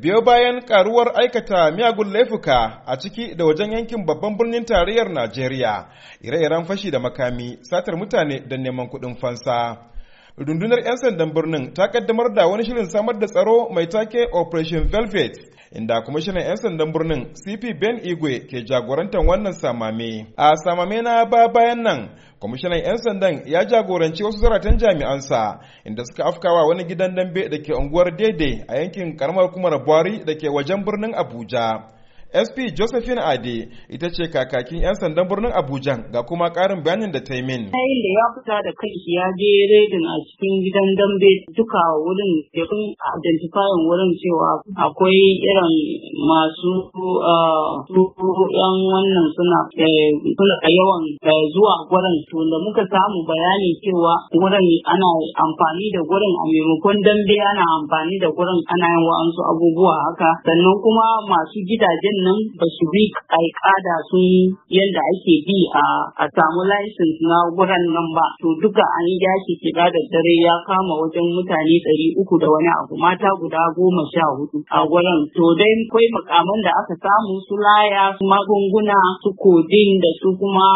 biyo bayan karuwar aikata miyagun laifuka a ciki da wajen yankin babban birnin tarayyar najeriya ire-iren fashi da makami satar mutane don neman kuɗin fansa rundunar 'yan sandan birnin ta kaddamar da wani shirin samar da tsaro mai take operation velvet inda kwamishinan 'yan sandan birnin cp ben igwe ke jagorantar wannan samame a samame na ba bayan nan kwamishinan 'yan sandan ya jagoranci wasu zaratan jami'ansa inda suka afkawa wani gidan dambe da ke unguwar daidai a yankin karamar kumar buhari da ke wajen birnin abuja sp josephine ade ita ce kakakin 'yan sandan birnin abuja ga kuma karin bayanin da ta yi min da ya fita da kai ya je redin a cikin gidan dambe duka wurin da kun identifying wurin cewa akwai irin masu yan ah, wannan suna eh, suna yawan eh, zuwa wurin to da muka samu bayani cewa wurin ana amfani da wurin a maimakon dambe ana amfani da wurin ana yin wa'ansu abubuwa haka sannan kuma masu gidajen nan ba su bi alƙada sun yadda ake bi a samu license na wuran nan ba to duka an yi yaki shiga da dare ya kama wajen mutane ɗari uku da wani abu mata guda goma sha hudu a wurin to dai kwai makaman da aka samu su laya su magunguna su kodin da su kuma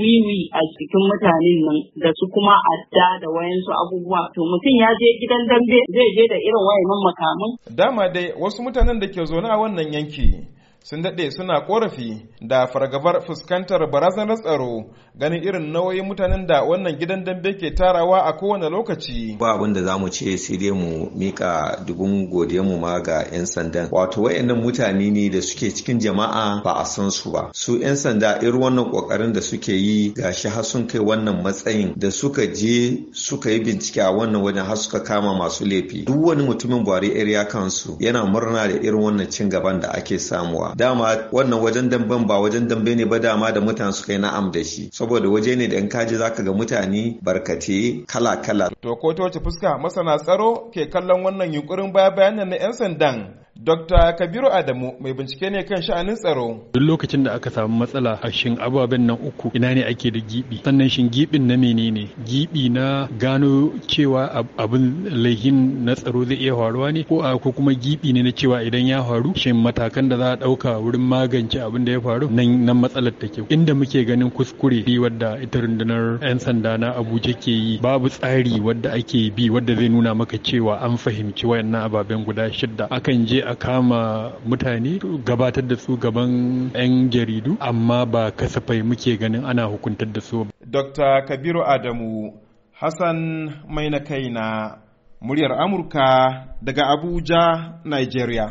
wiwi a cikin mutanen nan da su kuma adda da wayansu abubuwa to mutum ya je gidan dambe zai je da irin wayannan makaman dama dai wasu mutanen da ke zaune a wannan yanki sun daɗe suna ƙorafi da fargabar fuskantar barazanar tsaro ganin irin nauyin mutanen da wannan gidan dambe ke tarawa a kowane lokaci. Ba abin da zamu ce sai dai mu mika dubun mu ma ga 'yan sandan. Wato wayannan mutane ne da suke cikin jama'a ba a san su ba. Su 'yan sanda irin wannan kokarin da suke yi ga shi har sun kai wannan matsayin da suka je suka yi bincike a wannan wajen har suka kama masu laifi. Duk wani mutumin Buhari area kansu yana murna da irin wannan cin gaban da ake samuwa. dama wannan wajen damben ba wajen dambe ne ba dama da mutane suka yi na'am da shi saboda waje ne da in kaji zaka ga mutane barkate kala kala to ko ta fuska masana tsaro ke kallon wannan yunkurin baya bayan na 'yan sandan Dr. Kabiru Adamu mai bincike ne kan sha'anin tsaro. Duk lokacin da aka samu matsala a shin ababen nan uku ina ne ake da gibi sannan shin gibin na menene gibi na gano cewa abin laihin na tsaro zai iya faruwa ne ko ko kuma gibi ne na cewa idan ya faru shin matakan da za a dauka wurin magance abin da ya faru nan nan matsalar take inda muke ganin kuskure wadda ita rundunar yan sanda na Abuja ke yi babu tsari wadda ake bi wadda zai nuna maka cewa an fahimci wayannan ababen guda shidda akan je a kama mutane gabatar da su gaban 'yan jaridu amma ba kasafai muke ganin ana hukuntar da su. Dr. Kabiru Adamu Hassan Mai na kai na muryar Amurka daga Abuja, Nigeria.